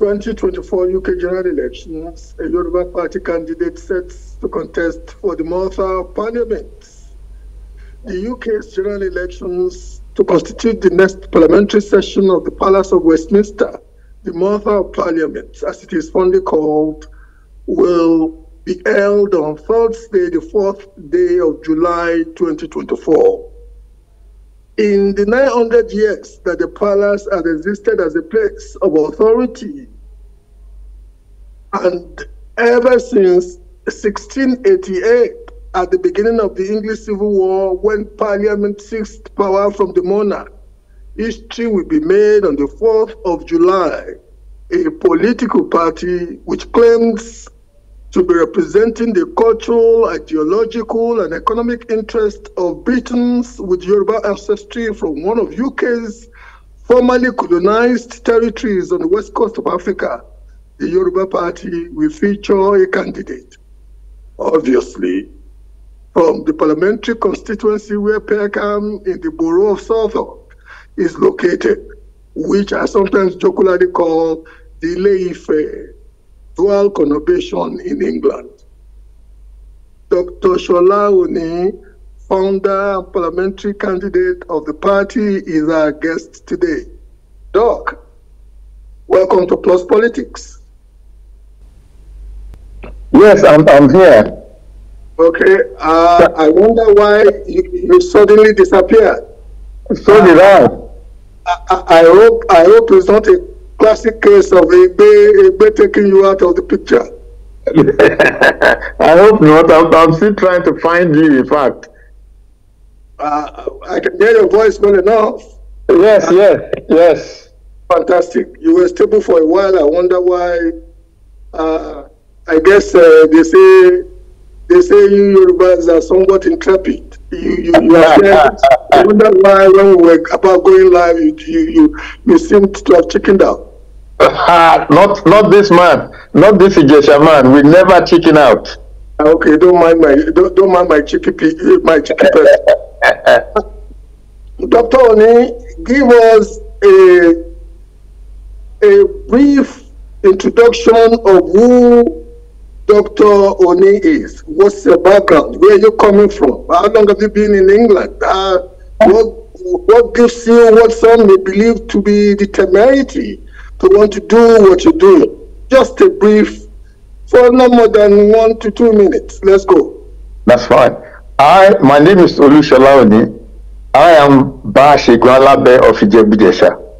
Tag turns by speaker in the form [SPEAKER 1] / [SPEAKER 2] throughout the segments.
[SPEAKER 1] 2024 UK general elections, a Yoruba party candidate sets to contest for the Malta parliament. The UK's general elections to constitute the next parliamentary session of the Palace of Westminster, the Malta parliament, as it is fondly called, will be held on Thursday, the fourth day of July 2024. In the 900 years that the palace has existed as a place of authority and ever since 1688, at the beginning of the English Civil War, when Parliament seized power from the monarch, history will be made on the 4th of July. A political party which claims to be representing the cultural, ideological, and economic interests of Britons with Yoruba ancestry from one of UK's formerly colonized territories on the west coast of Africa the Yoruba party will feature a candidate, obviously, from the parliamentary constituency where Peckham in the borough of Southwark is located, which I sometimes jocularly call the Leife dual conurbation in England. Dr. Shola Oni, founder and parliamentary candidate of the party, is our guest today. Doc, welcome to Plus Politics. Yes, I'm, I'm here. Okay, uh, I wonder why you, you suddenly disappeared. So uh, did I. I. I hope I hope it's not a classic case of a Igbe taking you out of the picture. I hope not. I'm, I'm still trying to find you, in fact. Uh, I can hear your voice well enough. Yes, uh, yes, yes. Fantastic. You were stable for a while. I wonder why uh, I guess uh, they say they say you Yorubas are somewhat intrepid. You you, you are I wonder why when we were about going live, you you you, you seemed to have chickened out. Uh, not not this man, not this Ijesha man. We never chicken out. Ah, okay, don't mind my don't, don't mind my chicky my chicken. Doctor Oni, give us a a brief introduction of who Dr. Oni is? What's your background? Where are you coming from? How long have you been in England? Uh, what, what gives you what some may believe to be the temerity to want to do what you do? Just a brief, for no more than one to two minutes. Let's go. That's fine. I, my name is Olushola Oni. I am
[SPEAKER 2] Bashegwan Labe of ijebu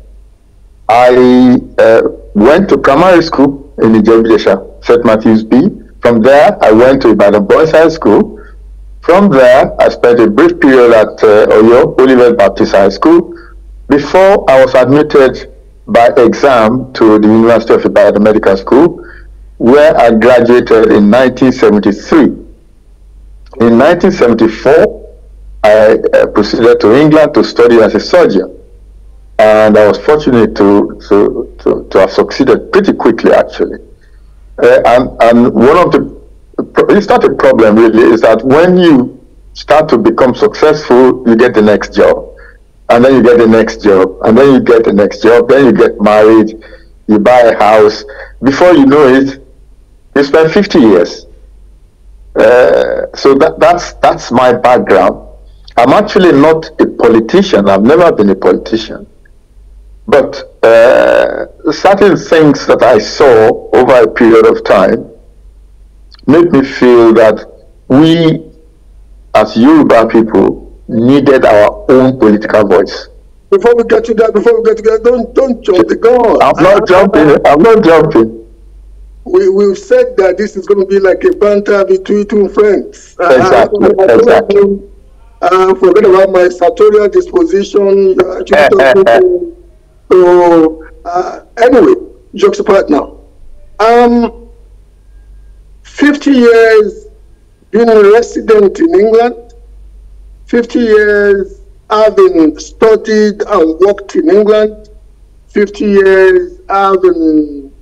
[SPEAKER 2] I uh, went to primary school in Ijebu-Jesha, St. Matthew's B. From there, I went to Ibadan Boys High School. From there, I spent a brief period at uh, Oyo Olivet Baptist High School before I was admitted by exam to the University of Ibadan Medical School, where I graduated in 1973. In 1974, I uh, proceeded to England to study as a surgeon. And I was fortunate to, to, to, to have succeeded pretty quickly, actually. Uh, and, and one of the, it's not a problem really, is that when you start to become successful, you get the next job. And then you get the next job. And then you get the next job. Then you get married. You buy a house. Before you know it, you spend 50 years. Uh, so that, that's, that's my background. I'm actually not a politician. I've never been a politician. But uh, certain things that I saw over a period of time made me feel that we as Yoruba people needed our own political
[SPEAKER 1] voice. Before we get to that, before we get to that, don't don't jump the gun. I'm not jumping. I'm not jumping. We we've said that this is going to be like a banter between two friends. Uh, uh, exactly. Uh, I, exactly. Uh, forget about my sartorial disposition. you uh, to, uh, anyway, jokes apart now. Um, 50 years being a resident in England, 50 years having studied and worked in England, 50 years having,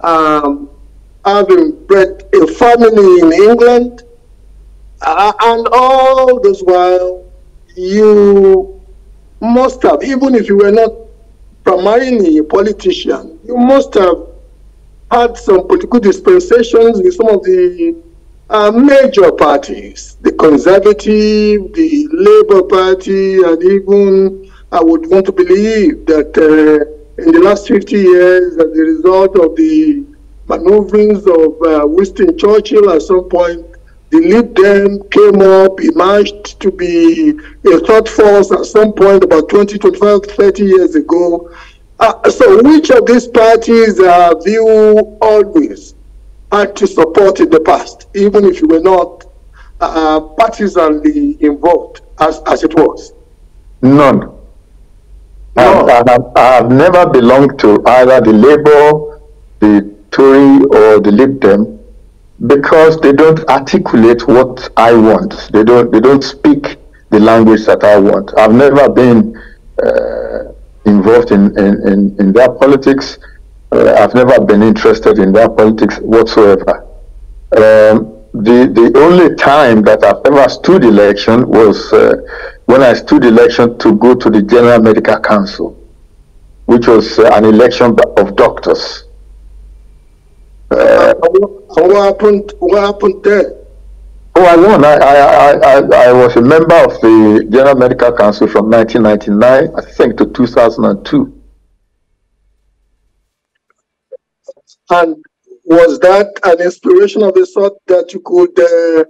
[SPEAKER 1] um, having bred a family in England, uh, and all this while you must have, even if you were not from a politician, you must have had some political dispensations with some of the uh, major parties, the Conservative, the Labour Party, and even I would want to believe that uh, in the last 50 years, as a result of the maneuverings of uh, Winston Churchill at some point, the lead them came up, emerged to be a thought force at some point about 20, 25, 30 years ago. Uh, so which of these parties are you always had to support in the past, even if you were not uh, partisanly involved as, as it was?
[SPEAKER 2] None. No. I, I, I, have never belonged to either the Labour, the Tory, or the Lib Dem because they don't articulate what I want. They don't they don't speak the language that I want. I've never been uh, involved in, in, in, in, their politics. Uh, I've never been interested in their politics whatsoever. Um, the the only time that I've ever stood election was uh, when I stood election to go to the General Medical Council, which was uh, an election of doctors. Uh,
[SPEAKER 1] what happened? What happened then? Oh,
[SPEAKER 2] I won. I, I, I, I was a member of the General Medical Council from 1999, I think, to 2002.
[SPEAKER 1] And was that an inspiration of the sort that you could uh,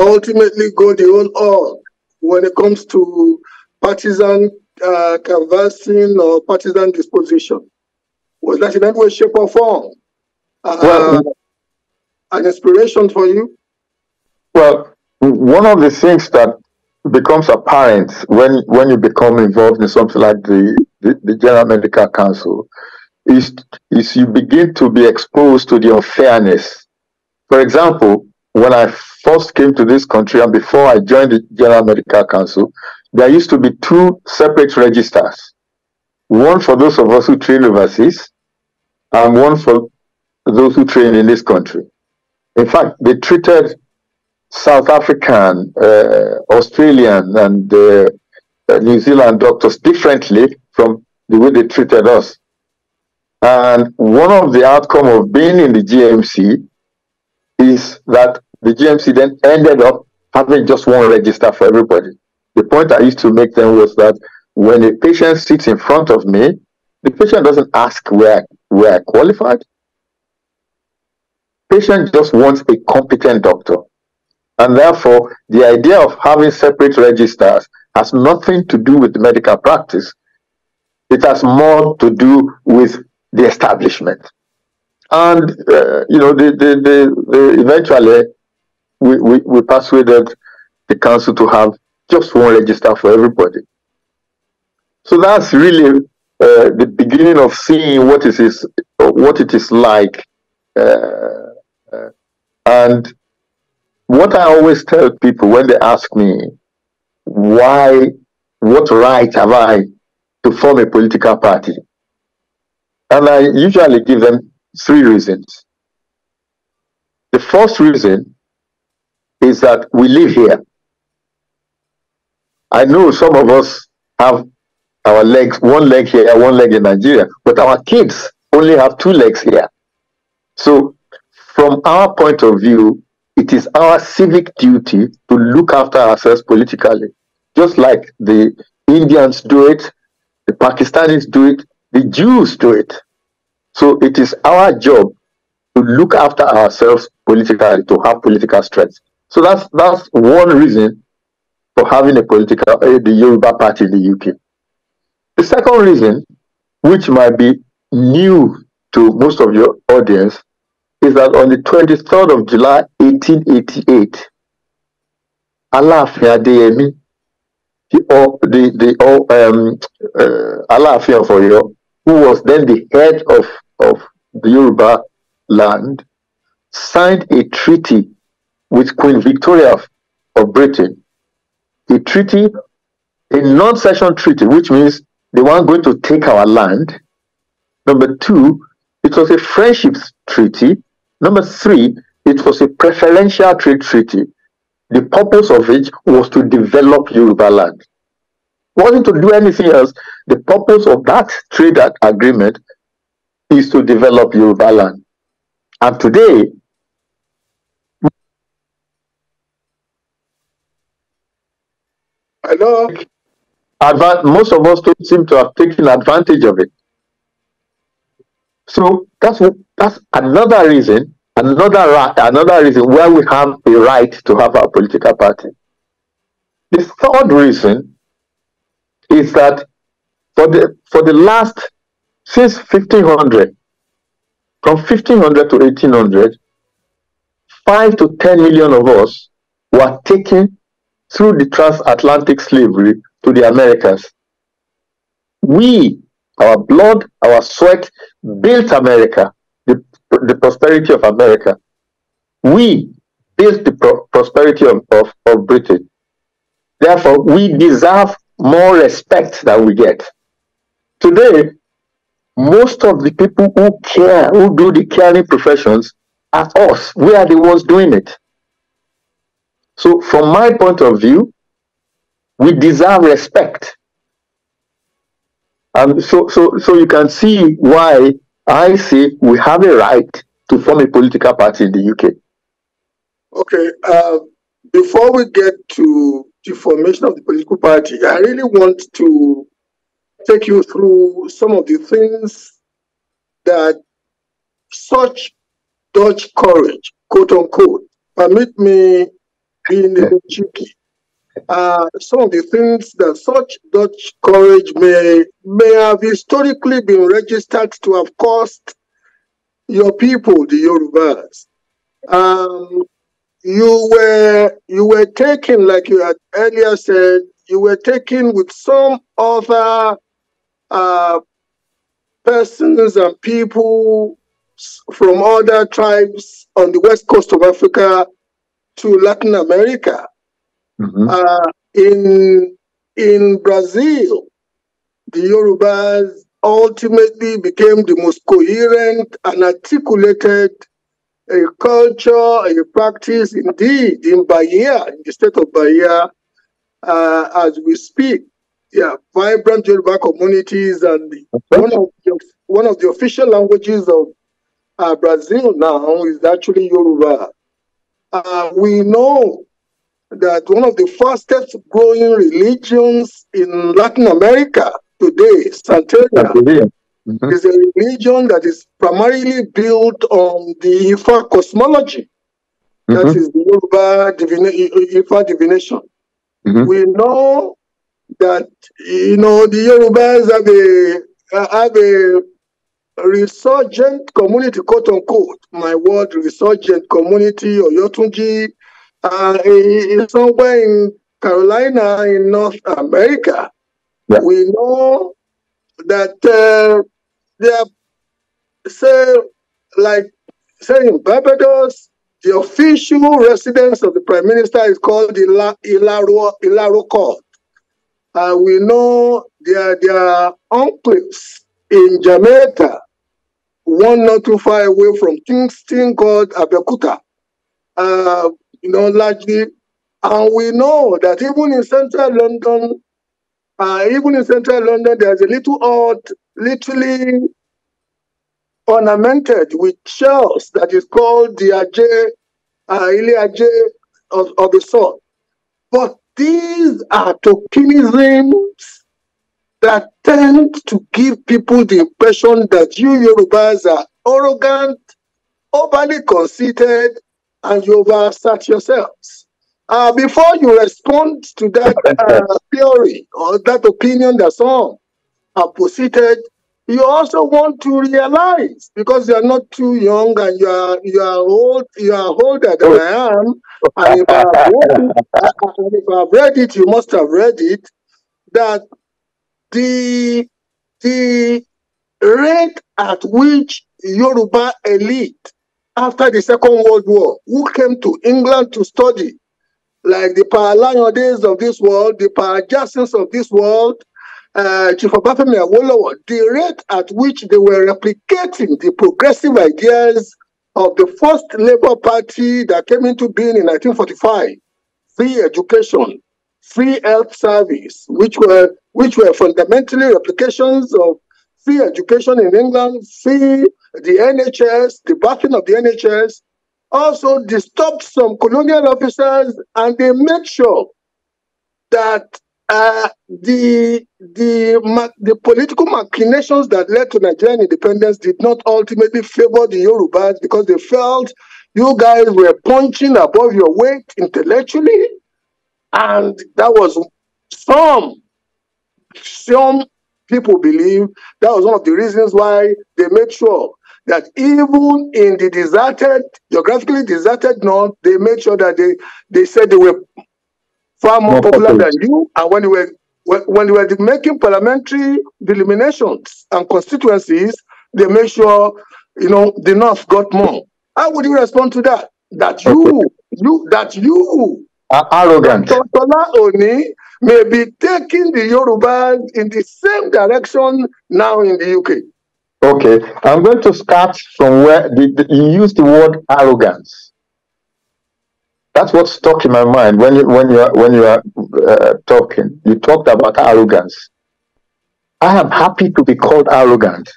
[SPEAKER 1] ultimately go the whole hog when it comes to partisan uh, canvassing or partisan disposition? Was that in any way, shape, or form? uh, well, an inspiration for you? Well,
[SPEAKER 2] one of the things that becomes apparent when when you become involved in something like the, the, the General Medical Council is is you begin to be exposed to the unfairness. For example, when I first came to this country and before I joined the General Medical Council, there used to be two separate registers. One for those of us who train overseas and one for those who trained in this country. In fact, they treated South African, uh, Australian, and uh, uh, New Zealand doctors differently from the way they treated us. And one of the outcome of being in the GMC is that the GMC then ended up having just one register for everybody. The point I used to make then was that when a patient sits in front of me, the patient doesn't ask where where I qualified patient just wants a competent doctor. And therefore, the idea of having separate registers has nothing to do with medical practice. It has more to do with the establishment. And, uh, you know, the, the, the, the, eventually we, we, we persuaded the council to have just one register for everybody. So that's really uh, the beginning of seeing what it is, what it is like uh, and what I always tell people when they ask me, why, what right have I to form a political party? And I usually give them three reasons. The first reason is that we live here. I know some of us have our legs, one leg here, one leg in Nigeria, but our kids only have two legs here. So from our point of view, it is our civic duty to look after ourselves politically, just like the Indians do it, the Pakistanis do it, the Jews do it. So it is our job to look after ourselves politically, to have political strength. So that's that's one reason for having a political uh, the Yoruba party in the UK. The second reason, which might be new to most of your audience, is that on the 23rd of July 1888, Alafia Adéyẹmí, the, the, the um, uh, who was then the head of, of the Yoruba land, signed a treaty with Queen Victoria of, of Britain. A treaty, a non-session treaty, which means they weren't going to take our land. Number two, it was a friendship treaty Number three, it was a preferential trade treaty. The purpose of it was to develop Yoruba land. wasn't to do anything else. The purpose of that trade agreement is to develop Yoruba land. And today, Hello? most of us don't seem to have taken advantage of it. So that's that's another reason, another, another reason why we have the right to have our political party. The third reason is that for the, for the last, since 1500, from 1500 to 1800, 5 to 10 million of us were taken through the transatlantic slavery to the Americas. We, our blood, our sweat, built America the prosperity of America. We built the pro prosperity of, of, of Britain. Therefore, we deserve more respect than we get. Today, most of the people who care, who do the caring professions, are us. We are the ones doing it. So, from my point of view, we deserve respect. And so, so, so you can see why I say we have a right to form a political party in the UK. Okay. Uh, before
[SPEAKER 1] we get to the formation of the political party, I really want to take you through some of the things that such Dutch courage, quote unquote, permit me being a little cheeky, uh, some of the things that such Dutch courage may, may have historically been registered to have cost your people, the Yorubas. Um, you were you were taken, like you had earlier said, you were taken with some other uh, persons and people from other tribes on the west coast of Africa to Latin America. Mm-hmm. Uh, in in Brazil, the Yorubas ultimately became the most coherent and articulated a uh, culture, a uh, practice, indeed, in Bahia, in the state of Bahia, uh, as we speak. Yeah, vibrant Yoruba communities, and one of, the, one of the official languages of uh, Brazil now is actually Yoruba. Uh, we know that one of the fastest growing religions in Latin America today, Santeria, mm-hmm. is a religion that is primarily built on the Ifa cosmology. Mm-hmm. That is the Yoruba divina- Ifa divination. Mm-hmm. We know that you know the Yorubas have a uh, have a resurgent community, quote unquote. My word, resurgent community or Yotunji uh, in, somewhere in Carolina in North America. Yeah. We know that uh, they are, say, like, say in Barbados, the official residence of the prime minister is called the Ila Ilaro, Ilaro Court. Uh, we know there, there are enclaves in Jamaica, one not too far away from Kingston called Abeokuta. Uh, you know, largely. And we know that even in central London, uh, even in central London, there's a little art literally ornamented with shells that is called the Ajay, uh, of, of the sort. But these are tokenisms that tend to give people the impression that you Yorubas are arrogant, overly conceited, and you oversat yourselves. Uh, before you respond to that uh, theory or that opinion that some have posited, you also want to realize because you are not too young and you are you are old you are older than I am, and if I have read it, if I have read it you must have read it that the the rate at which Yoruba elite after the Second World War who came to England to study, like the Paralaniades of this world, the Parajasins of this world, uh, Chief Obafemi Awolowo, the rate at which they were replicating the progressive ideas of the first Labour Party that came into being in 1945, free education, free health service, which were which were fundamentally replications of free education in England, free the NHS, the backing of the NHS, also they stopped some colonial officers and they made sure that uh, the, the, the political machinations that led to Nigerian independence did not ultimately favor the Yorubas because they felt you guys were punching above your weight intellectually, and that was some some people believe that was one of the reasons why they made sure that even in the deserted, geographically deserted north, they made sure that they, they said they were far more, more popular than you. And when they were when they were making parliamentary delimitations and constituencies, they made sure you know the north got more. How would you respond to that? That you, okay. you, that you, arrogant. Tola Oni may be taking the Yorubas in the same direction now in the UK. Okay, I'm going to start from where the,
[SPEAKER 2] the, you used the word arrogance. That's what stuck in my mind when you when you are, when you are uh, talking. You talked about arrogance. I am happy to be called arrogant.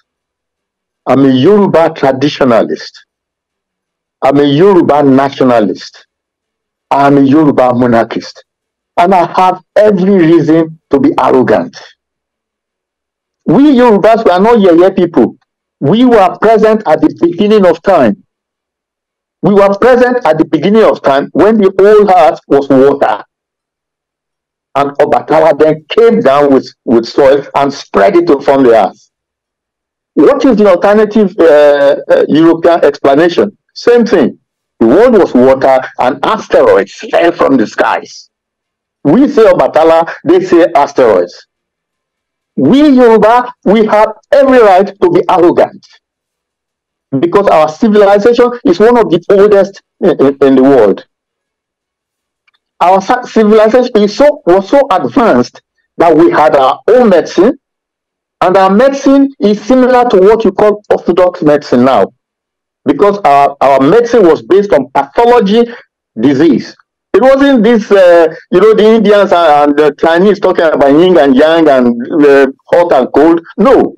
[SPEAKER 2] I'm a Yoruba traditionalist. I'm a Yoruba nationalist. I'm a Yoruba monarchist and I have every reason to be arrogant. We Yorubas were not yeye people. We were present at the beginning of time. We were present at the beginning of time when the old earth was water. And Obatala then came down with, with soil and spread it to form the earth. What is the alternative uh, uh, European explanation? Same thing. The world was water and asteroids fell from the skies. We say Obatala, they say asteroids. We Yoruba, we have every right to be arrogant because our civilization is one of the oldest in, the world. Our civilization is so, was so advanced that we had our own medicine, and our medicine is similar to what you call orthodox medicine now, because our, our medicine was based on pathology, disease. It wasn't this, uh, you know, the Indians and the Chinese talking about yin and yang and uh, hot and cold. No.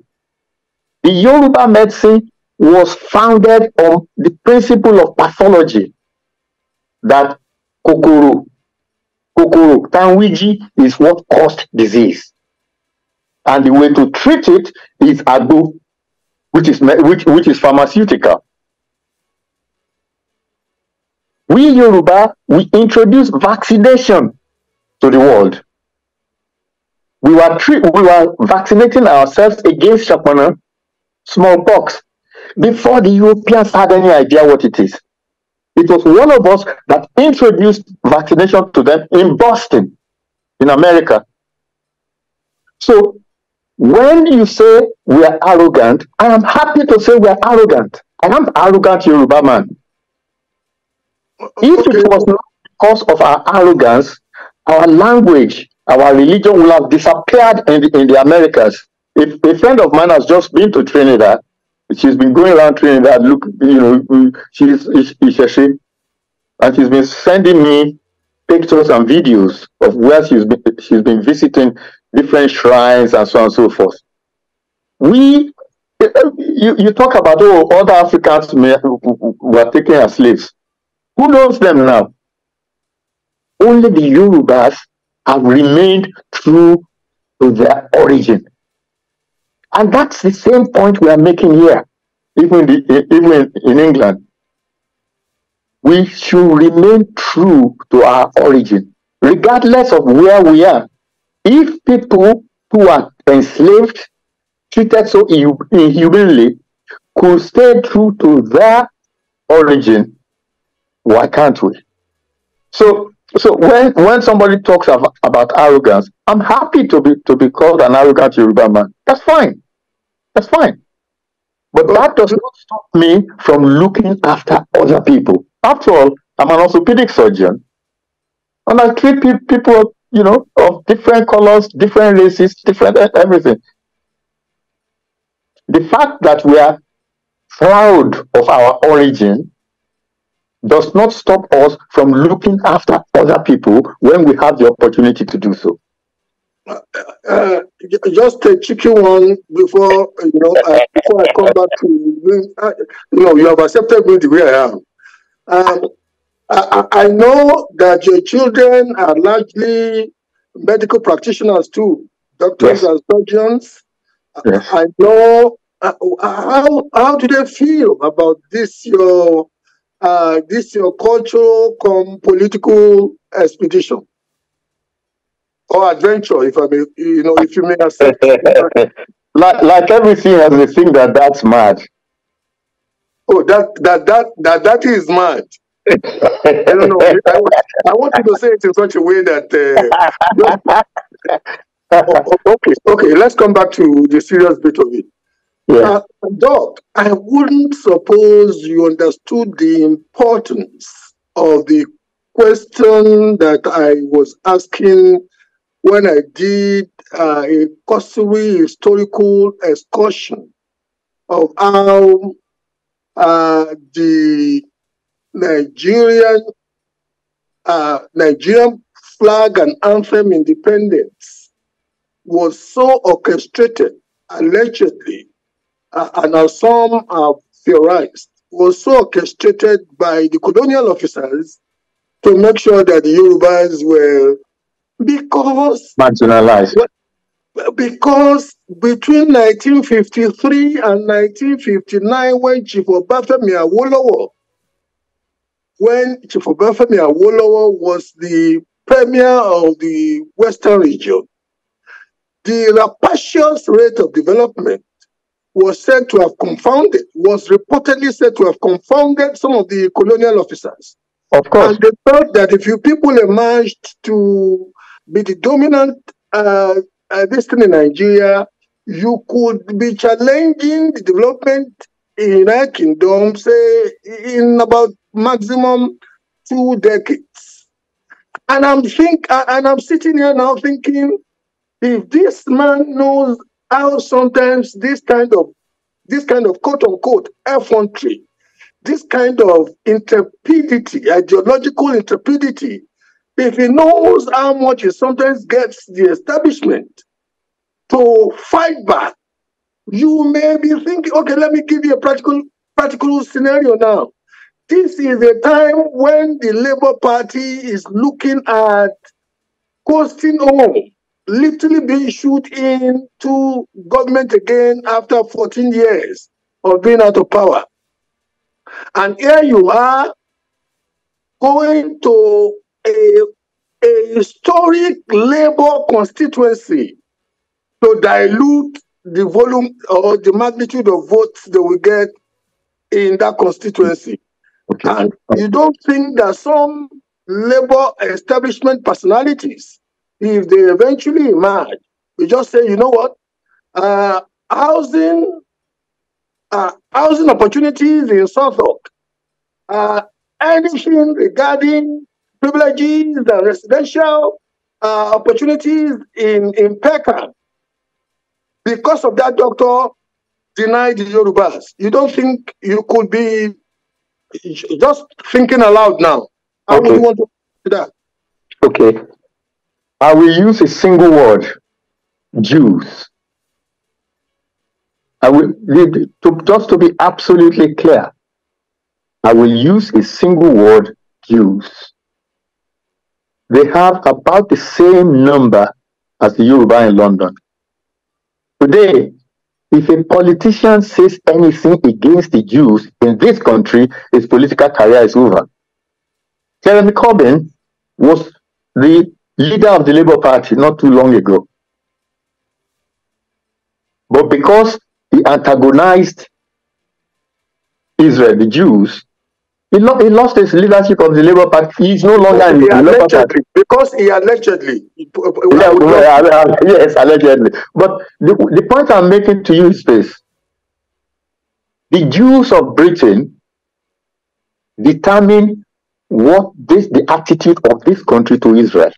[SPEAKER 2] The Yoruba medicine was founded on the principle of pathology that kokoro, kokoro, tanwiji is what caused disease. And the way to treat it is agbo, which is, which, which is pharmaceutical. We Yoruba, we introduced vaccination to the world. We were, we were vaccinating ourselves against Shapana, smallpox, before the Europeans had any idea what it is. It was one of us that introduced vaccination to them in Boston, in America. So when you say we are arrogant, I am happy to say we are arrogant. I am arrogant Yoruba man. If okay. it was not because of our arrogance, our language, our religion would have disappeared in the, in the Americas. If a friend of mine has just been to Trinidad, she's been going around Trinidad, look, you know, she's, she's shame. and she's been sending me pictures and videos of where she's been, she's been visiting different shrines and so on and so forth. We, you, you talk about, oh, other Africans may,
[SPEAKER 1] were
[SPEAKER 2] taken as slaves. Who knows them now? Only the Yorubas have remained true to their origin. And that's the same point we are making here, even, the, even in England. We should remain true to our origin, regardless of where we are. If people who are enslaved, treated so inhumanly, could stay true to their origin, why can't we? So, so when when somebody talks av- about arrogance, I'm happy to be to be called an arrogant Yoruba man. That's fine. That's fine. But that does not stop me from looking after other people. After all, I'm an orthopedic surgeon, and I treat pe- people, you know, of different colors, different races, different everything. The fact that we are proud of our origin does not stop us from looking after other people
[SPEAKER 1] when we have the opportunity to do so. Uh, uh, just a cheeky one before you know uh, before I come back to you. Uh, you you have accepted me the way I am. Um, I, I know that your children are largely medical practitioners too, doctors yes. and surgeons. Yes. I know uh, how how do they feel about this your uh, this your cultural com political expedition or adventure, if I may, you know, if you may accept. like, like everything has a thing that that's mad. Oh, that that that that that is mad. I don't know. I, I want you to say it in such a way that. Uh, oh, okay, okay. Let's come back to the serious bit of it. Yeah. Uh, Doc, I wouldn't suppose you understood the importance of the question that I was asking when I did uh, a cursory historical excursion of how uh, the Nigerian uh, Nigerian flag and anthem independence was so orchestrated allegedly uh, and as some have theorized, was so orchestrated by the colonial officers to make sure that the Yorubas were because
[SPEAKER 2] marginalized.
[SPEAKER 1] Because between 1953 and 1959, when Chief Obafemi Awolowo, when Chief Obafemi Awolowo was the premier of the Western region, the rapacious rate of development was said to have confounded, was reportedly said to have confounded some of the colonial officers. Of course. And they thought that if you people emerged to be the dominant uh, uh, this in Nigeria, you could be challenging the development in our Kingdom, say, in about maximum two decades. And I'm think, and I'm sitting here now thinking, if this man knows how sometimes this kind of this kind of quote unquote effrontery, this kind of intrepidity, ideological intrepidity, if he knows how much he sometimes gets the establishment to fight back, you may be thinking, okay, let me give you a practical practical scenario now. This is a time when the Labour Party is looking at costing home literally being shoot into government again after 14 years of being out of power. And here you are going to a, a historic labor constituency to dilute the volume or the magnitude of votes that we get in that constituency. Okay. And you don't think that some labor establishment personalities if they eventually merge, we just say, you know what, uh, housing uh, housing opportunities in Suffolk, uh, anything regarding privileges and residential uh, opportunities in, in Peckham. Because of that, doctor denied the Yorubas. You don't think you could be just thinking aloud now? I okay. would want to do that. Okay.
[SPEAKER 2] I will use a single word Jews. I will, to, just to be absolutely clear, I will use a single word Jews. They have about the same number as the Yoruba in London. Today, if a politician says anything against the Jews in this country, his political career is over. Jeremy Corbyn was the leader of the Labour Party not too long ago. But because he antagonized Israel, the Jews, he, lo he lost his leadership of the Labour Party. He's no longer in the Labour Party. Because he allegedly. Uh, yeah, well, uh, yes, allegedly. But the, the point I'm making to you is this. The Jews of Britain determine what this the attitude of this country to Israel.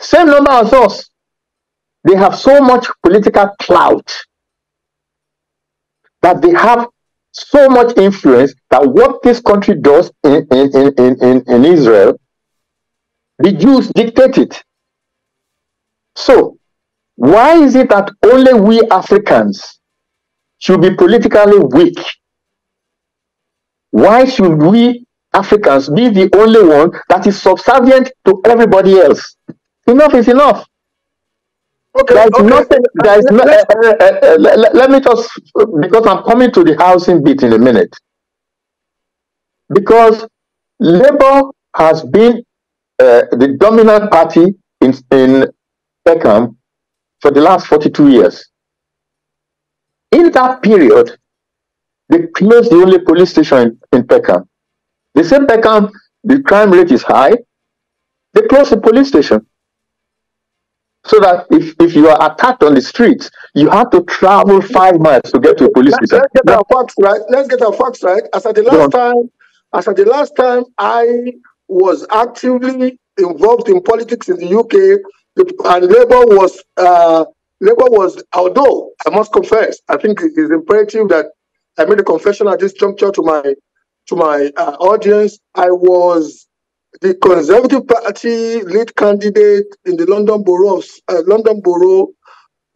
[SPEAKER 2] Same number as us. They have so much political clout that they have so much influence that what this country does in, in, in, in, in Israel, the Jews dictate it. So, why is it that only we Africans should be politically weak? Why should we Africans be the only one that is subservient to everybody else? Enough is enough. Okay, there's okay. nothing. There's no, uh, uh, let, let me just because I'm coming to the housing bit in a minute. Because Labour has been the dominant party in in Peckham for the last 42 years. In that period, they closed the only police station in, in Peckham. They said Peckham, the crime rate is high. They closed the police station so that if, if you are attacked on the
[SPEAKER 1] streets, you have to travel five miles to get to a police let's, station. Let's get our facts right. Let's get our facts right. As at the last time, as at the last time I was actively involved in politics in the UK, and Labour was uh, Labour was although I must confess, I think it is imperative that I made a confession at this juncture to my to my uh, audience. I was the Conservative Party lead candidate in the London Borough, uh, London Borough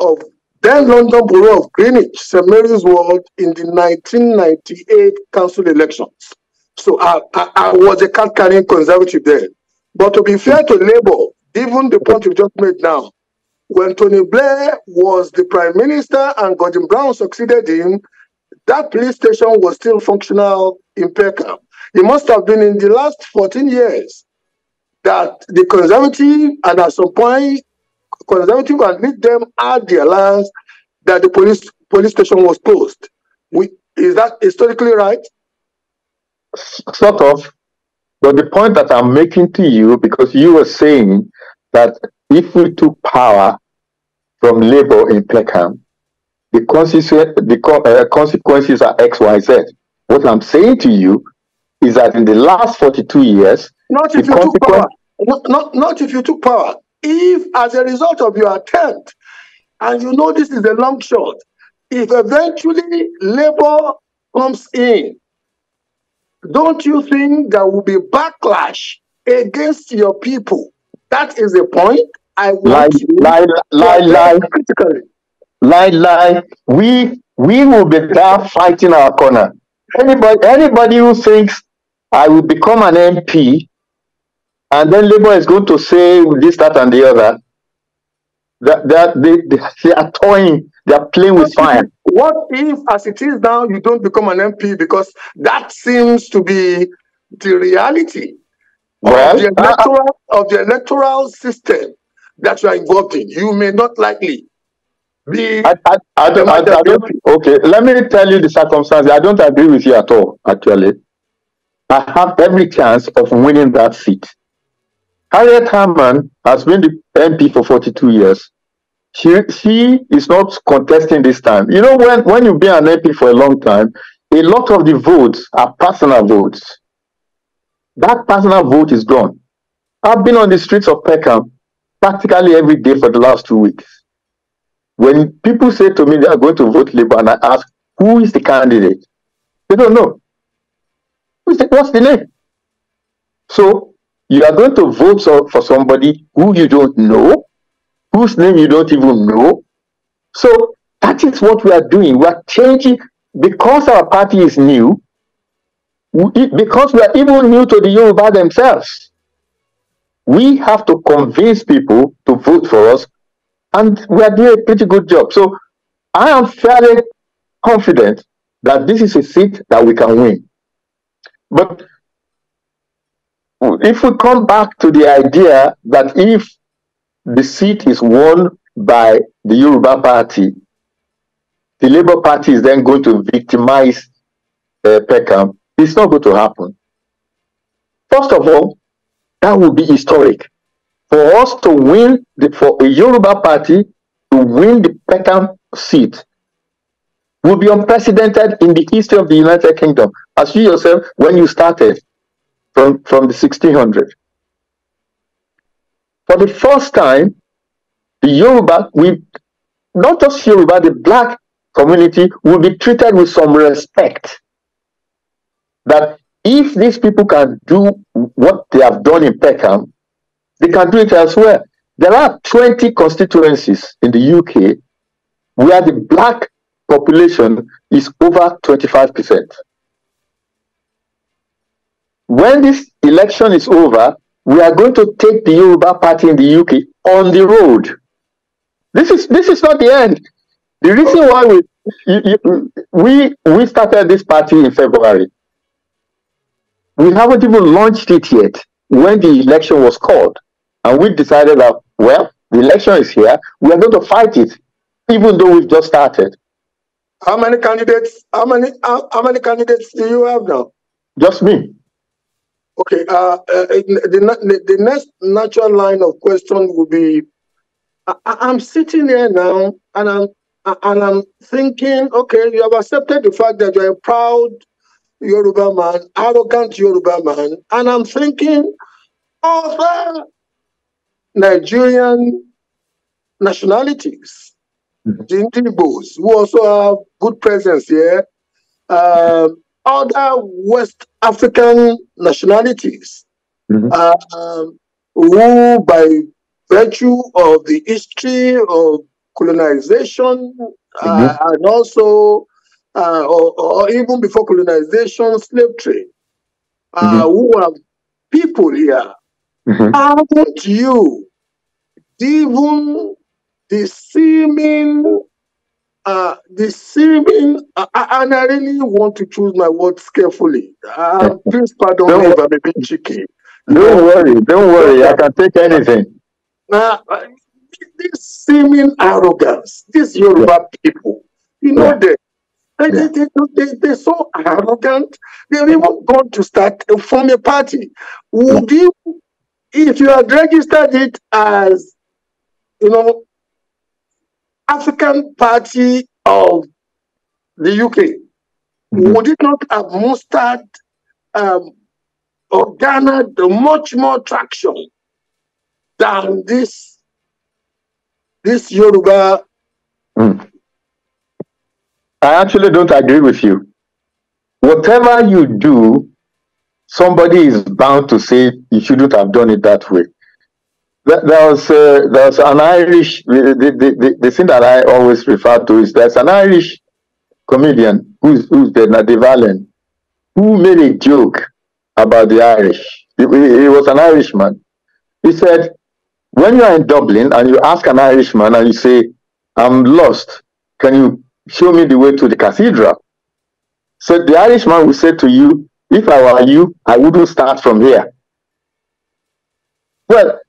[SPEAKER 1] of then London Borough of Greenwich, St Mary's Ward, in the 1998 council elections. So I, I, I was a card carrying conservative then. But to be fair to Labour, even the point you just made now, when Tony Blair was the prime minister and Gordon Brown succeeded him, that police station was still functional in Peckham. It must have been in the last 14 years that the conservative and at some point conservative and lead them had the alliance that the police police station was closed. We, is that historically right? Sort of. But the point that I'm making to you,
[SPEAKER 2] because you were saying that if we took power from Labour in Peckham, the, consequences, the uh, consequences are X, Y, Z. What I'm saying to you is that in the last 42 years, not if you took power.
[SPEAKER 1] Not, not, not if you took power. If, as a result of your attempt, and you know this is a long shot, if eventually labor comes in, don't you think there will be backlash against your people? That is the point I want lie, you lie, lie, lie. critically.
[SPEAKER 2] Lie, We we will be there fighting our corner. Anybody anybody who thinks I will become an MP and then Labour is going to say this, that, and the other, that, that they, they, they are
[SPEAKER 1] toying, they are playing with fire. What if, as it is now, you don't become an MP because that seems to be the reality well, of, the electoral, uh, of the electoral system that you are involved in? You may not likely the, I, I, I, don't, I, don't, don't, okay, let me tell you the circumstances. I don't agree with you
[SPEAKER 2] at all, actually. I have every chance of winning that seat. Harriet Harman has been the MP for 42 years. She, she is not contesting this time. You know, when, when you've been an MP for a long time, a lot of the votes are personal votes. That personal vote is gone. I've been on the streets of Peckham practically every day for the last two weeks. When people say to me they are going to vote Labour and I ask, who is the candidate? They don't know. the, what's the name? So you are going to vote so, for somebody who you don't know, whose name you don't even know. So that is what we are doing. We are changing because our party is new, because we are even new to the Yoruba themselves. We have to convince people to vote for us and we are doing a pretty good job. So I am fairly confident that this is a seat that we can win. But if we come back to the idea that if the seat is won by the Yoruba Party, the Labour Party is then going to victimize uh, Peckham, it's not going to happen. First of all, that would be historic for us to win, the, for a Yoruba party to win the Peckham seat will be unprecedented in the history of the United Kingdom. As you yourself, when you started from, from the 1600, for the first time, the Yoruba, we, not just Yoruba, the black community will be treated with some respect. That if these people can do what they have done in Peckham, they can do it elsewhere. There are 20 constituencies in the UK where the black population is over 25%. When this election is over, we are going to take the Yoruba party in the UK on the road. This is this is not the end. The reason why we you, we we started this party in February. We haven't even launched it yet when the election was called. And we decided that, well, the election is here. We are going to fight it, even though we've just started.
[SPEAKER 1] How many candidates? How many? How, how many candidates do you have now? Just me. Okay. Uh, uh, the, the next natural line of question would be, I, I'm sitting here now, and I'm and I'm thinking, okay, you have accepted the fact that you're a proud Yoruba man, arrogant Yoruba man, and I'm thinking, author Nigerian nationalities, mm-hmm. the who also have good presence here, um, other West African nationalities, mm-hmm. uh, um, who by virtue of the history of colonization mm-hmm. Uh, and also, uh, or, or, even before colonization, slave trade, uh, mm-hmm. who are people here. Haven't mm-hmm. you even the seeming uh, the seeming, uh, and I really want to choose my words carefully. Uh, please pardon me if I'm a bit cheeky. Don't worry, don't worry. I can take anything. Uh, this seeming arrogance, these Yoruba yeah. people, you know yeah. And yeah. They, they, they, they're so arrogant. They've even gone to start uh, form a party. Would you, if you had registered it as you know, African party of the UK, mm -hmm. would it not have mustered um, or garnered much more traction than this this Yoruba? Mm.
[SPEAKER 2] I actually don't agree with you. Whatever you do, somebody is bound to say you shouldn't have done it that way. There, there was uh, there was an Irish the, the, the, the thing that I always refer to is there's an Irish comedian who's who's dead Nadir Valen who made a joke about the Irish. He, he was an Irishman. He said, when you are in Dublin and you ask an Irishman and you say, I'm lost, can you show me the way to the cathedral? So the Irishman will say to you, if I were you, I wouldn't start from here. Well,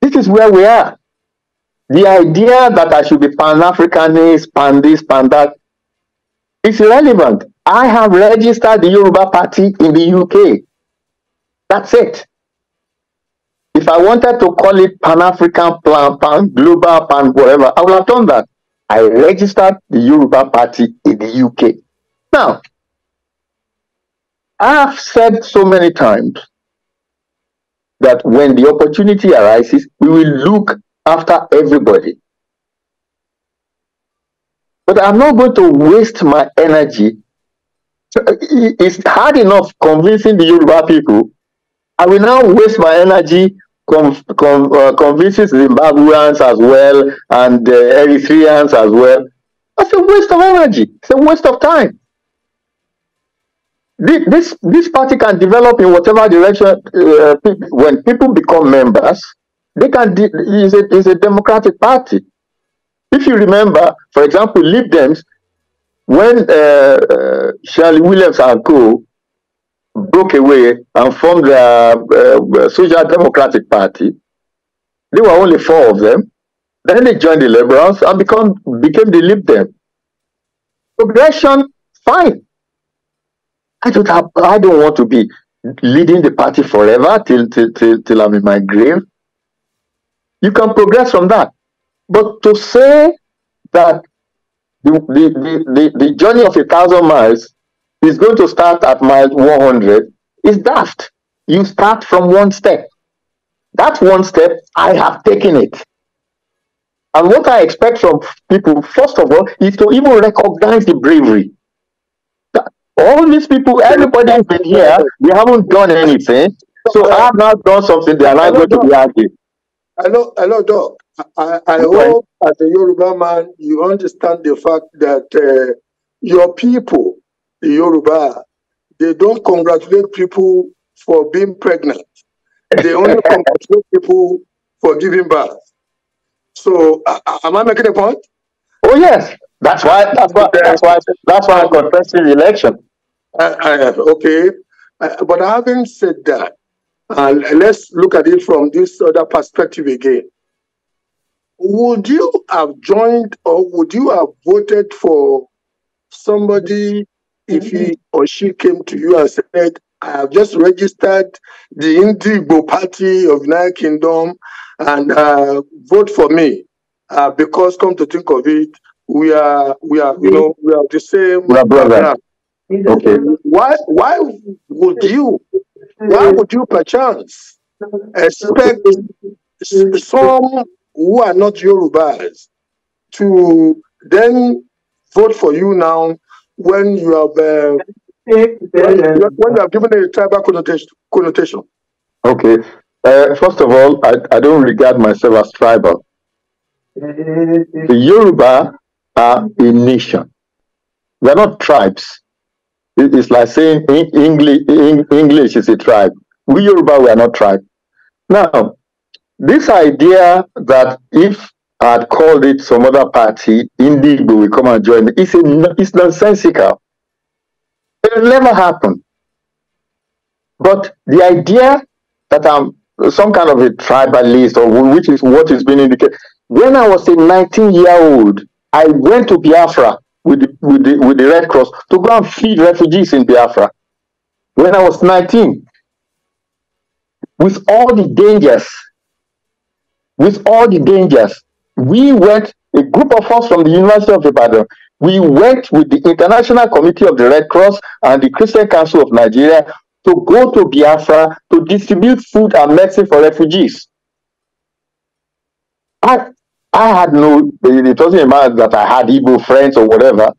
[SPEAKER 2] this is where we are. The idea that I should be pan-Africanist, pan this, pan that, is irrelevant. I have registered the Yoruba party in the UK. That's it. If I wanted to call it Pan-African, Pan, Pan, Global, Pan, whatever, I would have done that. I registered the Yoruba party in the UK. Now, I have said so many times that when the opportunity arises, we will look after everybody. But I'm not going to waste my energy. It's hard enough convincing the Yoruba people. I will now waste my energy conv- conv- uh, convincing Zimbabweans as well and uh, Eritreans as well. That's a waste of energy. It's a waste of time this, this this party can develop in whatever direction. Uh, when people become members, they can. Is a is a democratic party. If you remember, for example, Lib Dems, when uh, uh, Shirley Williams and Co broke away and formed the uh, uh, Social Democratic Party, there were only four of them. Then they joined the Liberals and become became the Lib Dem. Progression, fine. I don't have, I don't want to be leading the party forever till, till, till, till I'm in my grave. You can progress from that. But to say that the, the, the, the, journey of a thousand miles is going to start at mile 100 is daft. You start from one step. That one step, I have taken it. And what I expect from people, first of all, is to even recognize the bravery all these people, everybody has been here. They haven't done anything. So I've not done something they are not going to be happy.
[SPEAKER 1] Hello, hello, Doc. I, I okay. hope as a Yoruba man, you understand the fact that uh, your people, the Yoruba, they don't congratulate people for being pregnant. They only congratulate people for giving birth. So, uh, am I making a point? Oh yes, that's why. That's why. That's why. That's why I'm contesting the election okay. Uh, but having said that, uh, let's look at it from this other perspective again. Would you have joined or would you have voted for somebody if he or she came to you and said, I have just registered the Indigo Party of United Kingdom and uh, vote for me? Uh, because come to think of it, we are, we are, you know, we are the same. We are brothers. Okay. Why why would you why would you perchance expect some who are not Yorubas to then vote for you now when you have uh, when you have given a tribal connotation? connotation? Okay. Uh, first of all,
[SPEAKER 2] I, I don't regard myself as tribal. The Yoruba are a nation. We're not tribes. It is like saying English, English is a tribe. We Yoruba, we are not tribe. Now, this idea that if I had called it some other party, Indigo will come and join, it's, a, it's nonsensical. It will never happen. But the idea that I'm some kind of a tribalist, or which is what is being indicated. When I was a 19 year old, I went to Biafra with the, with the, with the Red Cross to go and feed refugees in Biafra when I was 19. With all the dangers, with all the dangers, we went, a group of us from the University of Ibadan, we went with the International Committee of the Red Cross and the Christian Council of Nigeria to go to Biafra to distribute food and medicine for refugees. And I had no, it wasn't a matter that I had evil friends or whatever.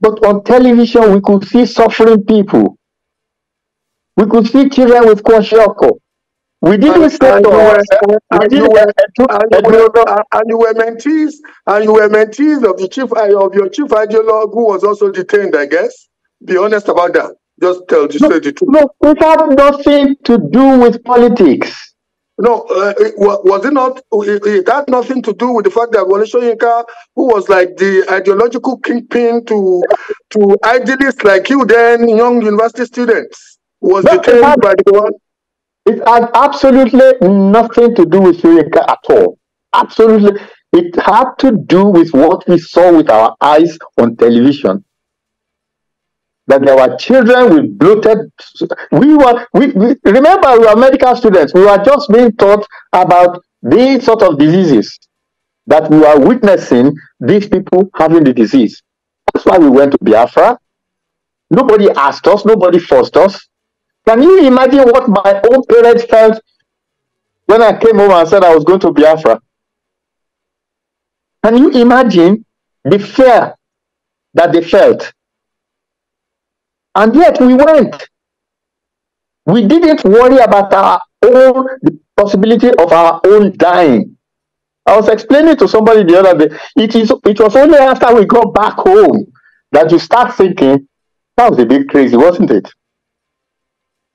[SPEAKER 2] But on television, we could see suffering
[SPEAKER 1] people. We could see children with kwashiorkor. We didn't step on. And you were mentees, and you were mentees of the chief eh, of your chief ideologue who was also detained. I guess. Be honest about that. Just tell no, the truth. No, it had nothing to do with politics. No, uh, it was it not? It, it had nothing to do with the fact that Wole Soyinka, who was like the ideological kingpin to to idealists like you, then young university students, was No, detained had, by the one. it had absolutely nothing to do with Soyinka at all. Absolutely. It had to do with what
[SPEAKER 2] we saw with our eyes on television that there were children with bloated. We were, we, we, remember, we were medical students. We were just being taught about these sort of diseases that we are witnessing these people having the disease. That's why we went to Biafra. Nobody asked us, nobody forced us. Can you imagine what my own parents felt when I came home and said I was going to Biafra? Can you imagine the fear that they felt? And yet we went. We didn't worry about our own the possibility of our own dying. I was explaining to somebody the other day. It is it was only after we got back home that you start thinking, that was a bit crazy, wasn't it?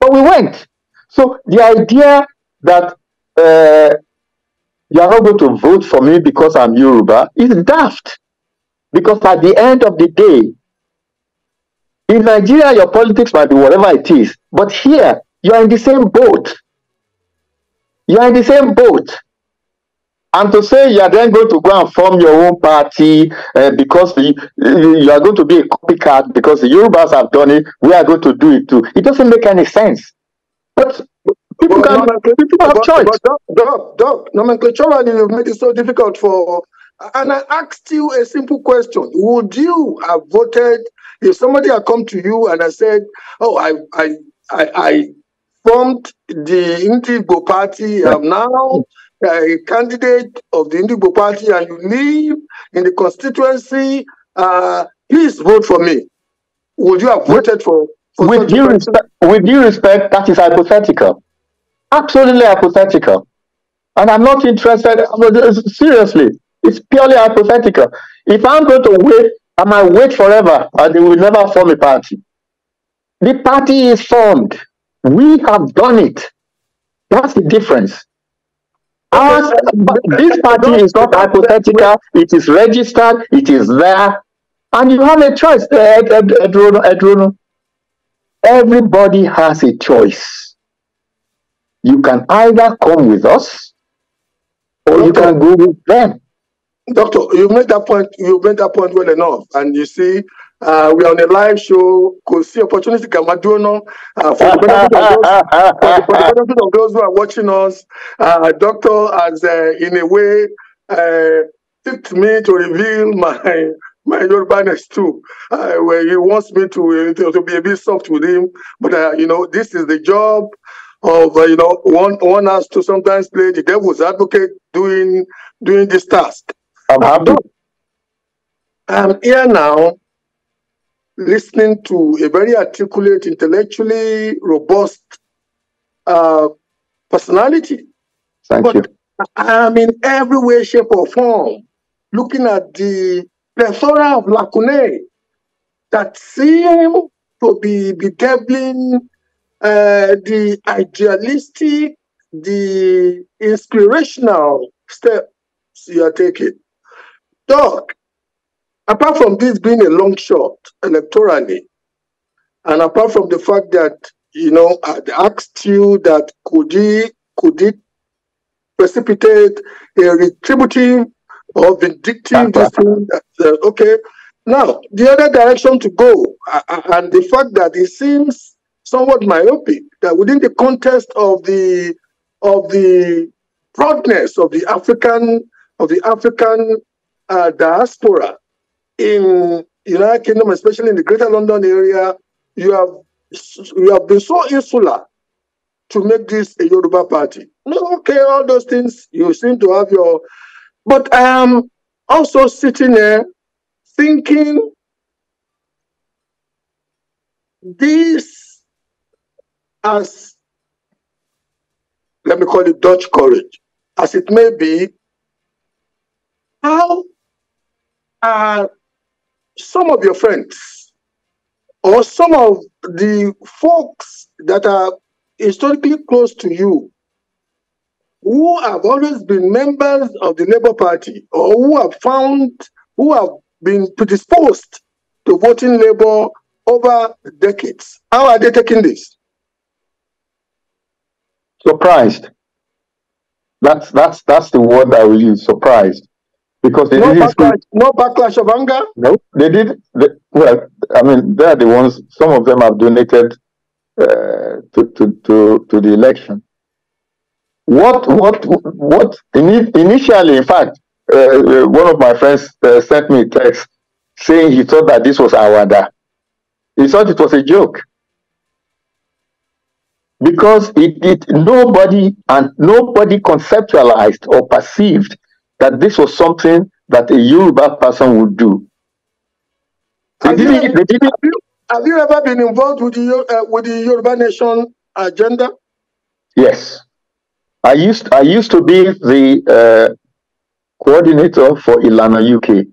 [SPEAKER 2] But we went. So the idea that uh, you are not going to vote for me because I'm Yoruba is daft. Because at the end of the day, in Nigeria, your politics might be whatever it is, but here, you are in the same boat. You are in the same boat. And to say you are then going to go and form your own party uh, because you, you are going to be a copycat because the Yorubas have done it, we are going to do it too. It doesn't make any sense. But
[SPEAKER 1] people can people have choice. But doc, doc, nomenclature you made it so difficult for. And I asked you a simple question: Would you have voted if somebody had come to you and I said, "Oh, I I I, I formed the Indigo Party. I'm now a candidate of the Indigo Party, and you live in the constituency. Uh, please vote for me." Would you have voted for? for
[SPEAKER 2] with due respect, with due respect, that is hypothetical. Absolutely hypothetical. And I'm not interested, seriously, it's purely hypothetical. If I'm going to wait I might wait forever and they will never form a party. The party is formed. We have done it. That's the difference. Ours, this party is not hypothetical. It is registered. It is there. And you have a choice, eh, Everybody has a choice. You can either come with
[SPEAKER 1] us or you can go with them. Doctor, you made that point. You made that point well enough, and you see, uh, we are on a live show. Could see opportunity come at Duno, uh, for the benefit of those for the, for the benefit of those who are watching us. Uh, doctor as uh, in a way, uh, tipped me to reveal my my urbanness too, uh, where he wants me to, uh, to, to be a bit soft with him. But uh, you know, this is the job of uh, you know one one has to sometimes play the devil's advocate doing doing this task. I'm ah, I'm here now listening to a very articulate, intellectually robust uh, personality. Thank but you. I'm in every way, shape, or form looking at the plethora of lacunae that seem to be bedeviling uh, the idealistic, the inspirational steps you are taking. Doc, apart from this being a long shot electorally, and apart from the fact that, you know, I uh, asked you that could he, could it precipitate a retributive or vindictive that, uh, okay, now the other direction to go, uh, uh, and the fact that it seems somewhat myopic that within the context of the of the broadness of the African of the African uh, diaspora in United Kingdom, especially in the Greater London area, you have you have been so insular to make this a Yoruba party. No, okay, all those things you seem to have your, but I am also sitting there thinking this as let me call it Dutch courage, as it may be, how are some of your friends or some of the folks that are historically close to you who have always been members of the Labour Party or who have found, who have been predisposed to voting Labour over decades. How are they taking this? Surprised.
[SPEAKER 2] That's that's that's the word I will use. Surprised because they no didn't backlash, no backlash of anger. No, they did. They, well, I mean, they are the ones. Some of them have donated uh, to, to to to the election. What what what? Initially, in fact, uh, uh, one of my friends uh, sent me a text saying he thought that this was awada. He thought it was a joke because it, it nobody and nobody conceptualized or perceived that this was something that a Yoruba person would
[SPEAKER 1] do. you, have, you, have you ever been involved with the, uh, with the Yoruba nation agenda? Yes. I used, I
[SPEAKER 2] used to be the uh, coordinator for Ilana UK.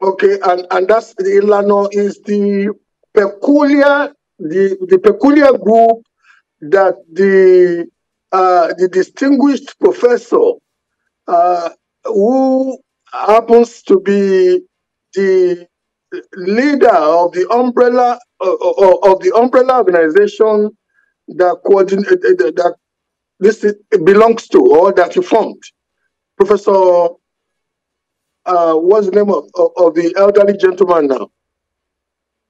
[SPEAKER 1] Okay, and, and that's the Ilana is the peculiar the, the peculiar group that the uh, the distinguished professor uh, who happens to be the leader of the umbrella uh, uh, uh of the umbrella organization that coordinate uh, that this belongs to or that you formed, Professor. Uh, what's the name of, of, of the elderly gentleman now?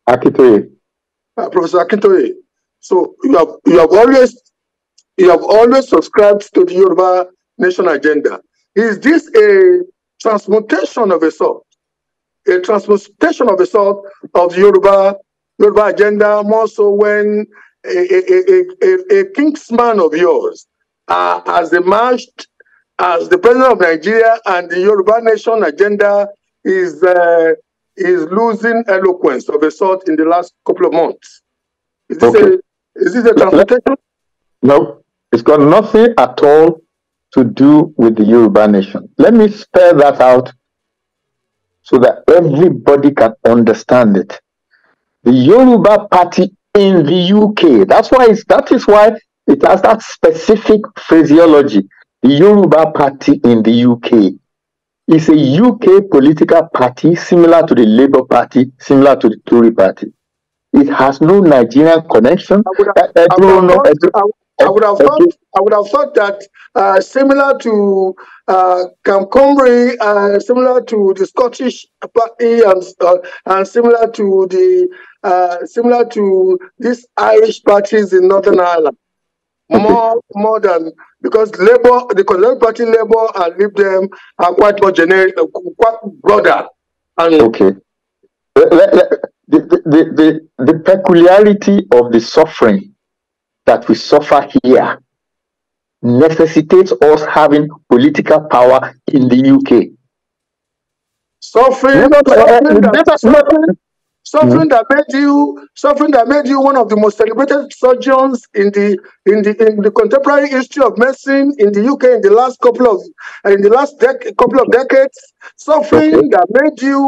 [SPEAKER 2] Akintoye.
[SPEAKER 1] Uh, Professor Akintoye. So you have you have always you have always subscribed to the Yoruba Nation agenda. Is this a transmutation of a sort? A transmutation of a sort of the Yoruba, Yoruba agenda, more so when a, a, a, a, a kingsman of yours uh, has emerged as the president of Nigeria and the Yoruba nation agenda is uh, is losing eloquence of a sort in the last couple of months. Is this okay. a is this a transmutation? No, it's got nothing at
[SPEAKER 2] all to do with the Yoruba nation. Let me spell that out so that everybody can understand it. The Yoruba party in the UK. That's why it's, that is why it has that specific phraseology. The Yoruba party in the UK is a UK political party similar to the Labour Party, similar to the Tory party. It has no Nigerian connection. I
[SPEAKER 1] would have, eh, eh, I would eh, I would have thought I would have thought that uh, similar to uh, Camcombri, uh, similar to the Scottish party, and uh, and similar to the uh, similar to these Irish parties in Northern Ireland, more more than because Labour, the Conservative Party, Labour, and Lib Dem are quite more generic, quite broader. And okay. the, the, the, the peculiarity
[SPEAKER 2] of the suffering that we suffer here necessitates us having political power in the UK.
[SPEAKER 1] Suffering, suffering, hmm. that, made you suffering that made you one of the most celebrated surgeons in the in the in the contemporary history of medicine in the UK in the last couple of in the last couple of decades. Suffering okay. that made you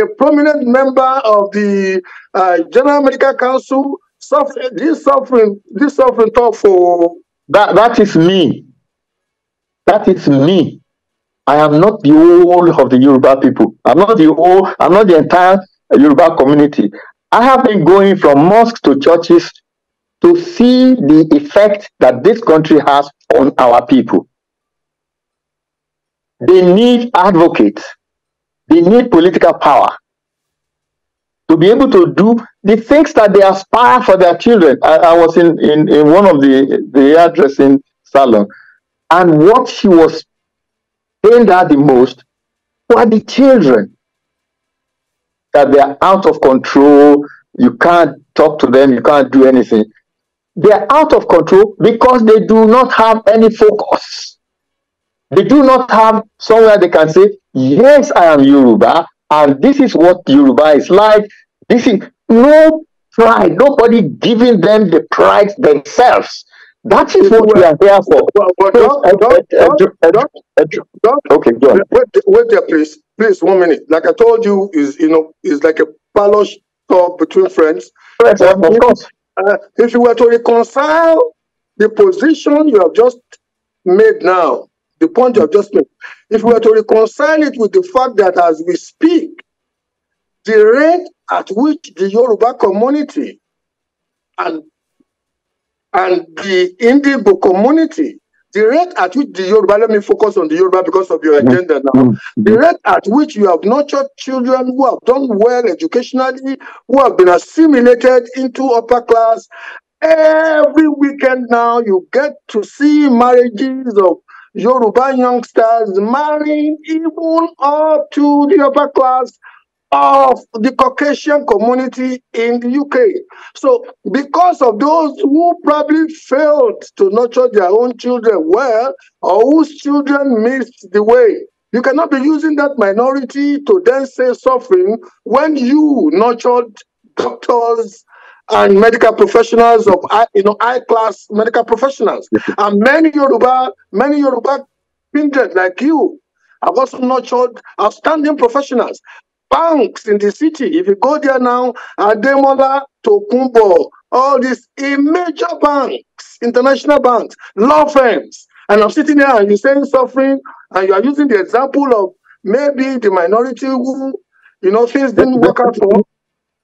[SPEAKER 1] a prominent member of the uh, General Medical Council Suffering, this suffering, this suffering talk for that, that is me.
[SPEAKER 2] That is me. I am not the whole of the Yoruba people. I'm not the whole, I'm not the entire Yoruba community. I have been going from mosques to churches to see the effect that this country has on our people. They need advocates. They need political power to be able to do the things that they aspire for their children. I, I was in, in, in one of the, the hairdressing salon, and what she was paying that the most were the children. That they are out of control, you can't talk to them, you can't do anything. They are out of control because they do not have any focus. They do not have somewhere they can say, Yes, I am Yoruba. And this is what Yoruba is like. This is no pride, nobody
[SPEAKER 1] giving them the pride themselves. That is what well, we are here for. okay, go on. Wait, wait there, please. Please, one minute. Like I told you, is you know, is like a palace talk between friends. Yes, of course. Uh, if you were to reconcile the position you have just made now the point of adjustment. If we were to reconcile it with the fact that as we speak, the rate at which the Yoruba community and and the Indigo community, the rate at which the Yoruba, let me focus on the Yoruba because of your mm-hmm. agenda now, mm-hmm. the rate at which you have nurtured children who have done well educationally, who have been assimilated into upper class, every weekend now you get to see marriages of Yoruba youngsters marrying even up to the upper class of the Caucasian community in the UK. So because of those who probably failed to nurture their own children well or whose children missed the way, you cannot be using that minority to then say suffering when you nurtured doctors, and medical professionals of you know high class medical professionals, and many Yoruba many Yoruba kindred like you have also nurtured outstanding professionals. Banks in the city, if you go there now, Ademola, Tokumbo, all these major banks, international banks, law firms, and I'm sitting there and you're saying suffering, and you are using the example of maybe the minority who, you know, things didn't work out for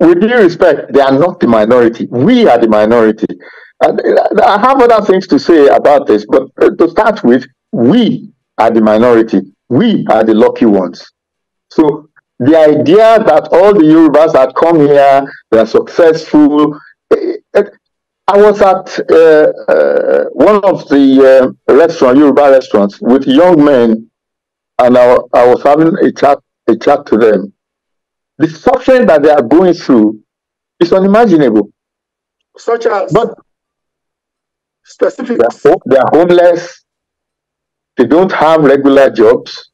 [SPEAKER 1] with due respect, they are not
[SPEAKER 2] the minority. We are the minority. And uh, I have other things to say about this, but uh, to start with, we are the minority. We are the lucky ones. So the idea that all the Yorubas that come here, they are successful. Uh, I was at uh, uh, one of the uh, restaurant, Yoruba restaurants, with young men, and I, I was having a chat, a chat to them the suffering that they are going through is unimaginable. Such as but specific they are, homeless, they don't have regular jobs,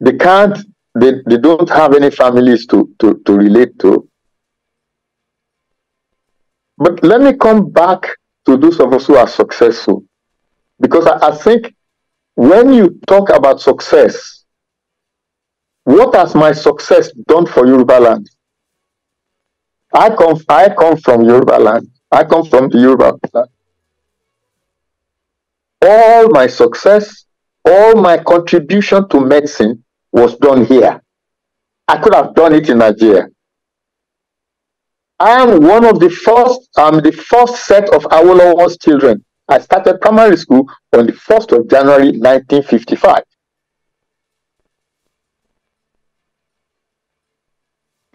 [SPEAKER 2] they can't they, they don't have any families to, to, to relate to. But let me come back to those of us who are successful. Because I, I think when you talk about success, what has my success done for Yoruba land? I come, I come from Yoruba land. I come from the Yoruba land. All my success, all my contribution to medicine was done here. I could have done it in Nigeria. I am one of the first, I'm the first set of Awolowo's children. I started primary school on the 1st of January 1955.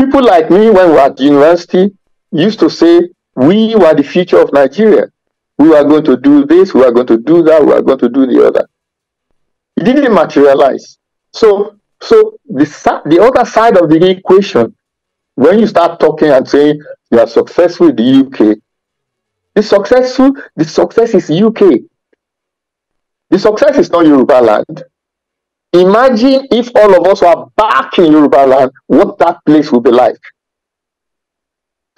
[SPEAKER 2] people like me, when we were at university, used to say, we were the future of Nigeria. We were going to do this, we were going to do that, we were going to do the other. It didn't materialize. So, so the, the other side of the equation, when you start talking and saying you are successful in the UK, the successful, the success is UK. The success is not your land. Imagine if all of us were back
[SPEAKER 1] in Yoruba land, what that place would be like.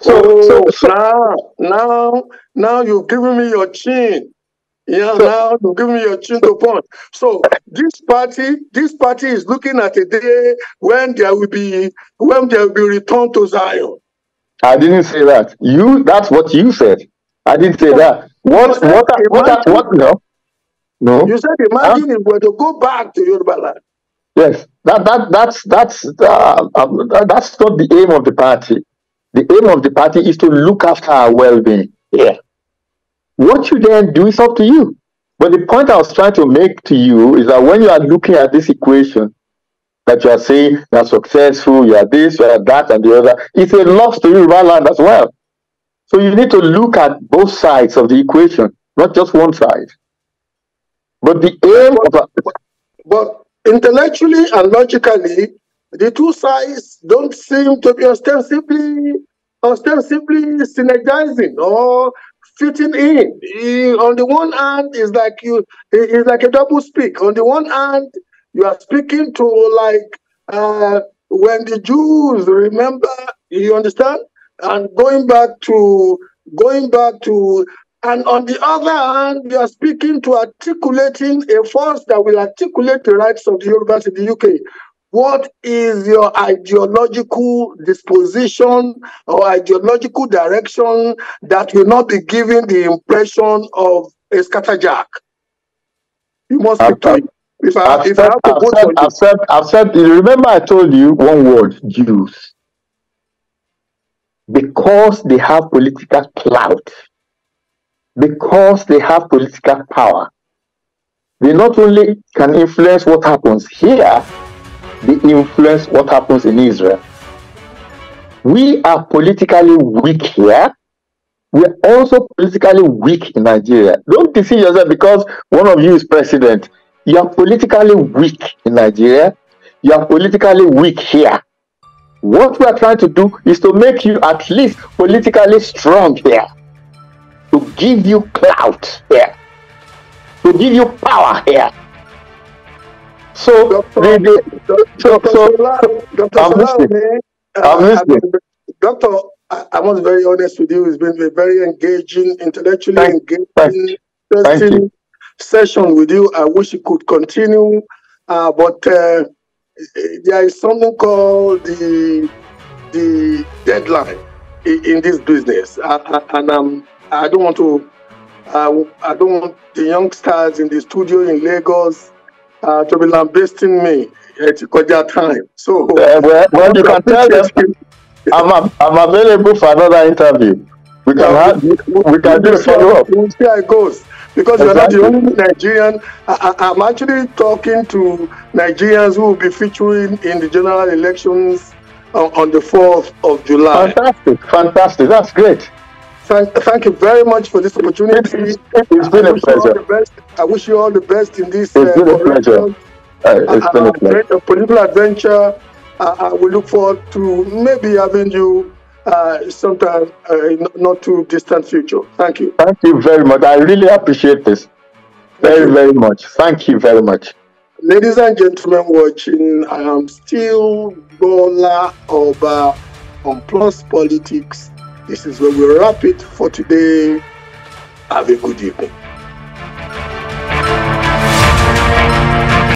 [SPEAKER 1] So, oh, so, so now, now, now you've given me your chin. Yeah, so, now you've given me your chin to punch. So this party, this party is looking at a day when there will be when there will be return to Zion. I didn't say that.
[SPEAKER 2] You that's what you said. I didn't say that. What what what what, what no? No. You said, Huh? imagine if we were to go back to Yoruba land. Yes. That that that's that's uh, um, that- that's not the aim of the party. The aim of the party is to look after our well-being. Yeah. What you then do is up to you. But the point I was trying to make to you is that when you are looking at this equation that you are saying you are successful, you are this, you are that, and the other, it's a loss to Yoruba land as well. So you need to look at both sides of the equation, not just one side.
[SPEAKER 1] But the aim of a, but, but intellectually and logically, the two sides don't seem to be ostensibly ostensibly synergizing or fitting in. On the one hand, it's like you it's like a double speak. On the one hand, you are speaking to like uh, when the Jews remember, you understand, and going back to going back to and on the other hand, you are speaking to articulating a force that will articulate the rights of the Europeans in the UK. What is your ideological disposition or ideological direction that will not be giving the impression of a scatterjack? You must be taught. If I, if I have to go to
[SPEAKER 2] accept, accept, remember I told you one word, Jews. Because they have political clout because they have political power. They not only can influence what happens here, they influence what happens in Israel. We are politically weak here. We're also politically weak in Nigeria. Don't deceive yourself because one of you is president. You are politically weak in Nigeria. You are politically weak here. What we are trying to do is to make you at least politically strong here to give you clout here, to give you
[SPEAKER 1] power here. So, Doctor, the, the, so, Dr. so, Dr. I'm listening. I'm uh, listening. Doctor, I, I was very honest with you. It's been a very engaging, intellectually thank, engaging, interesting thank session with you. I wish it could continue, uh, but uh, there is something called the the deadline in, in this business, uh, uh, and I'm. Um, I don't want to, uh, I don't want the youngsters in the studio in Lagos uh, to be lambasting me at your time. So, uh, well, well you can tell them I'm, I'm available for another interview. We can, yeah, have,
[SPEAKER 2] we, we can do follow up.
[SPEAKER 1] We'll see how it goes. Because exactly. you're not the only Nigerian. I, am actually talking to Nigerians who will be featuring in the general elections on, on the 4th of July. Fantastic, fantastic. That's great. Thank, thank you very much for this opportunity. It's been a pleasure. I wish you all the best in this. It's been a uh, pleasure. Uh, it's uh, been a uh, pleasure. A political adventure. Uh, we look forward to maybe having you uh, sometime in not too distant future. Thank you. Thank you very much. I really appreciate this. Very, very
[SPEAKER 2] much. Thank you very much.
[SPEAKER 1] Ladies and gentlemen watching, I am still Bola Oba on Plus Politics this is where we wrap it for today. Have a good evening.